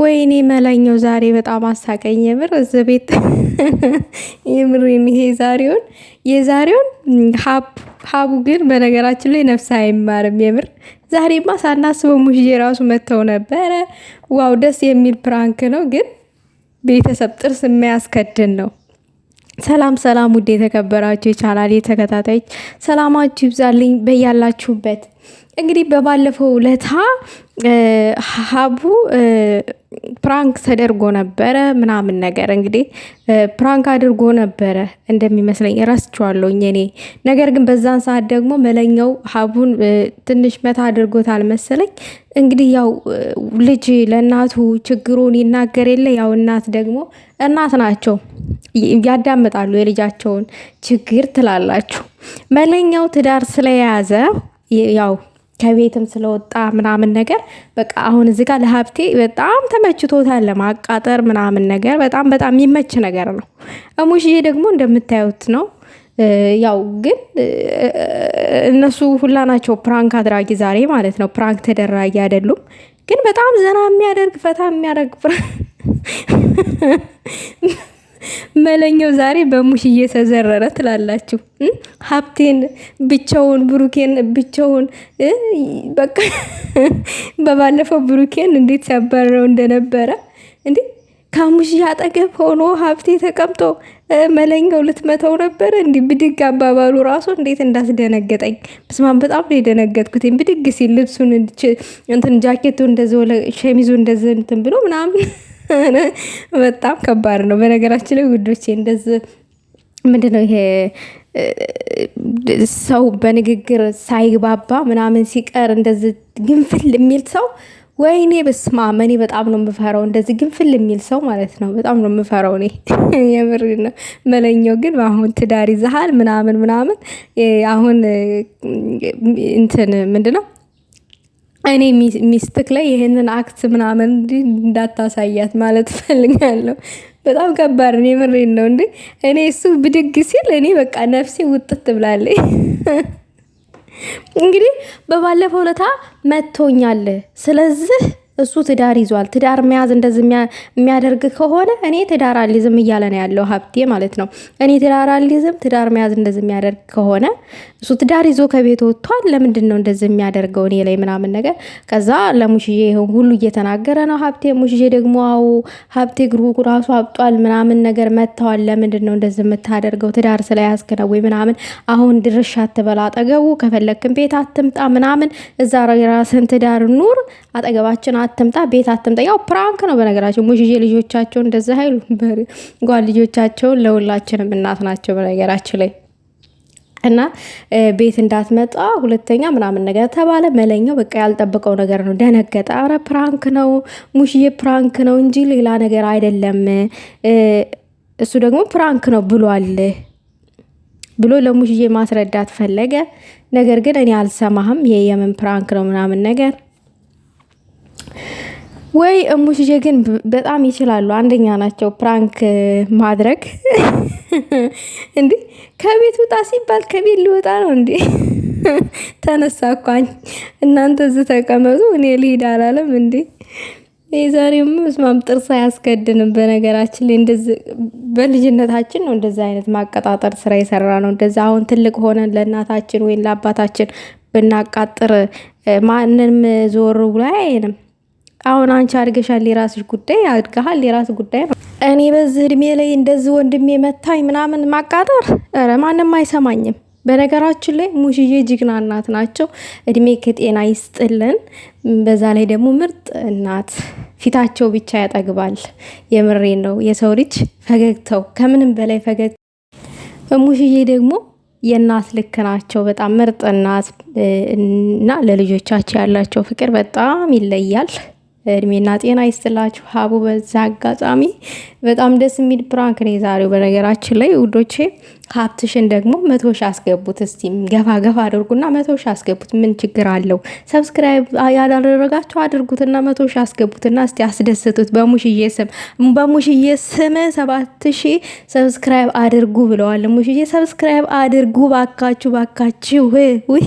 ወይኔ መላኛው ዛሬ በጣም አሳቀኝ። የምር እዚ ቤት የምር ይሄ ዛሬውን የዛሬውን ሀቡ ግን በነገራችን ላይ ነፍስ አይማርም። የምር ዛሬማ ሳናስበው ሙሽዬ ራሱ መጥተው ነበረ። ዋው ደስ የሚል ፕራንክ ነው፣ ግን ቤተሰብ ጥርስ የሚያስከድን ነው። ሰላም ሰላም፣ ውድ የተከበራችሁ የቻናሌ ተከታታዮች ሰላማችሁ ይብዛልኝ በያላችሁበት። እንግዲህ በባለፈው ለታ ሀቡ ፕራንክ ተደርጎ ነበረ ምናምን ነገር እንግዲህ ፕራንክ አድርጎ ነበረ እንደሚመስለኝ እረስቸዋለሁ እኔ። ነገር ግን በዛን ሰዓት ደግሞ መለኛው ሀቡን ትንሽ መታ አድርጎታል መሰለኝ። እንግዲህ ያው ልጅ ለእናቱ ችግሩን ይናገር የለ ያው እናት ደግሞ እናት ናቸው ያዳምጣሉ የልጃቸውን ችግር ትላላችሁ። መለኛው ትዳር ስለያዘ ያው ከቤትም ስለወጣ ምናምን ነገር በቃ አሁን እዚህ ጋር ለሀብቴ በጣም ተመችቶታል። ለማቃጠር ምናምን ነገር በጣም በጣም የሚመች ነገር ነው። እሙሽዬ ደግሞ እንደምታዩት ነው። ያው ግን እነሱ ሁላ ናቸው ፕራንክ አድራጊ ዛሬ ማለት ነው። ፕራንክ ተደራጊ አይደሉም፣ ግን በጣም ዘና የሚያደርግ ፈታ የሚያደርግ መለኛው ዛሬ በሙሽ እየተዘረረ ትላላችሁ። ሀብቴን ብቻውን ብሩኬን ብቻውን በቃ በባለፈው ብሩኬን እንዴት ሲያባረረው እንደነበረ እንዴ ከሙሽ አጠገብ ሆኖ ሀብቴ ተቀምጦ መለኛው ልትመተው ነበረ። እንዲ ብድግ አባባሉ ራሱ እንዴት እንዳስደነገጠኝ ብስማን በጣም ነው የደነገጥኩት። ብድግ ሲል ልብሱን እንትን ጃኬቱ እንደዚ ሸሚዙ እንደዚ እንትን ብሎ ምናምን በጣም ከባድ ነው። በነገራችን ላይ ውዶቼ እንደዚህ ምንድነው ይሄ ሰው በንግግር ሳይግባባ ምናምን ሲቀር እንደዚህ ግንፍል የሚል ሰው ወይኔ በስማ መኔ በጣም ነው የምፈራው። እንደዚህ ግንፍል የሚል ሰው ማለት ነው በጣም ነው የምፈራው እኔ የምር ነው። መለኛው ግን አሁን ትዳር ይዘሃል ምናምን ምናምን አሁን እንትን ምንድነው እኔ ሚስትክ ላይ ይህንን አክት ምናምን እንዳታሳያት ማለት ፈልጋለሁ። በጣም ከባድ ነው። የምሬ ነው። እንዲ እኔ እሱ ብድግ ሲል እኔ በቃ ነፍሴ ውጥት ብላለች። እንግዲህ በባለፈው ለታ መቶኛል። ስለዚህ እሱ ትዳር ይዟል። ትዳር መያዝ እንደዚህ የሚያደርግ ከሆነ እኔ ትዳር አልይዝም እያለ ነው ያለው ሀብቴ ማለት ነው። እኔ ትዳር አልይዝም፣ ትዳር መያዝ እንደዚህ የሚያደርግ ከሆነ እሱ ትዳር ይዞ ከቤት ወጥቷል። ለምንድን ነው እንደዚህ የሚያደርገው እኔ ላይ ምናምን ነገር። ከዛ ለሙሽዬ ይሄን ሁሉ እየተናገረ ነው ሀብቴ። ሙሽዬ ደግሞ አዎ ሀብቴ ግሩ ራሱ አብጧል ምናምን ነገር መጥተዋል። ለምንድን ነው እንደዚህ የምታደርገው? ትዳር ስለያዝክ ነው ወይ ምናምን። አሁን ድርሻ አትበላ አጠገቡ፣ ከፈለግክም ቤት አትምጣ ምናምን። እዛ ራስን ትዳር ኑር አጠገባችን አትምጣ፣ ቤት አትምጣ። ያው ፕራንክ ነው በነገራቸው ሙሽዬ ልጆቻቸውን እንደዛ አይሉ ጓል ልጆቻቸውን ለሁላችንም እናት ናቸው በነገራችን ላይ እና ቤት እንዳትመጣ ሁለተኛ ምናምን ነገር ተባለ። መለኛው በቃ ያልጠበቀው ነገር ነው፣ ደነገጠ። አረ ፕራንክ ነው ሙሽዬ ፕራንክ ነው እንጂ ሌላ ነገር አይደለም። እሱ ደግሞ ፕራንክ ነው ብሏል ብሎ ለሙሽዬ ማስረዳት ፈለገ። ነገር ግን እኔ አልሰማህም፣ የየምን የምን ፕራንክ ነው ምናምን ነገር ወይ እሙሽዬ ግን በጣም ይችላሉ። አንደኛ ናቸው ፕራንክ ማድረግ። እንዴ ከቤት ውጣ ሲባል ከቤት ሊወጣ ነው እንዴ? ተነሳ እኳኝ እናንተ እዚህ ተቀመጡ እኔ ልሂድ አላለም እንዴ? የዛሬው መስማም ጥርስ አያስገድንም በነገራችን ላይ እንደዚህ በልጅነታችን ነው እንደዚህ አይነት ማቀጣጠር ስራ የሰራ ነው። እንደዚ አሁን ትልቅ ሆነን ለእናታችን ወይም ለአባታችን ብናቃጥር ማንም ዞር ብሎ አያየንም። አሁን አንቺ አድገሻል፣ የራስሽ ጉዳይ አድገሃል፣ የራስ ጉዳይ ነው። እኔ በዚህ እድሜ ላይ እንደዚህ ወንድሜ መታኝ ምናምን ማቃጠር፣ ኧረ ማንም አይሰማኝም። በነገራችን ላይ ሙሽዬ ጅግና እናት ናቸው። እድሜ ከጤና ይስጥልን። በዛ ላይ ደግሞ ምርጥ እናት ፊታቸው ብቻ ያጠግባል። የምሬ ነው። የሰው ልጅ ፈገግተው ከምንም በላይ ፈገግ ሙሽዬ ደግሞ የእናት ልክ ናቸው። በጣም ምርጥ እናት እና ለልጆቻቸው ያላቸው ፍቅር በጣም ይለያል። እድሜና ጤና ይስጥላችሁ። ሀቡ በዛ አጋጣሚ በጣም ደስ የሚል ፕራንክ ነው የዛሬው። በነገራችን ላይ ውዶቼ ሀብትሽን ደግሞ መቶ ሺ አስገቡት። እስቲ ገፋ ገፋ አድርጉና መቶ ሺ አስገቡት። ምን ችግር አለው? ሰብስክራይብ ያላደረጋችሁ አድርጉትና መቶ ሺ አስገቡትና እስቲ አስደስቱት። በሙሽዬ ስም በሙሽዬ ስም ሰባት ሺ ሰብስክራይብ አድርጉ ብለዋል። ሙሽዬ ሰብስክራይብ አድርጉ ባካችሁ፣ ባካችሁ ውይ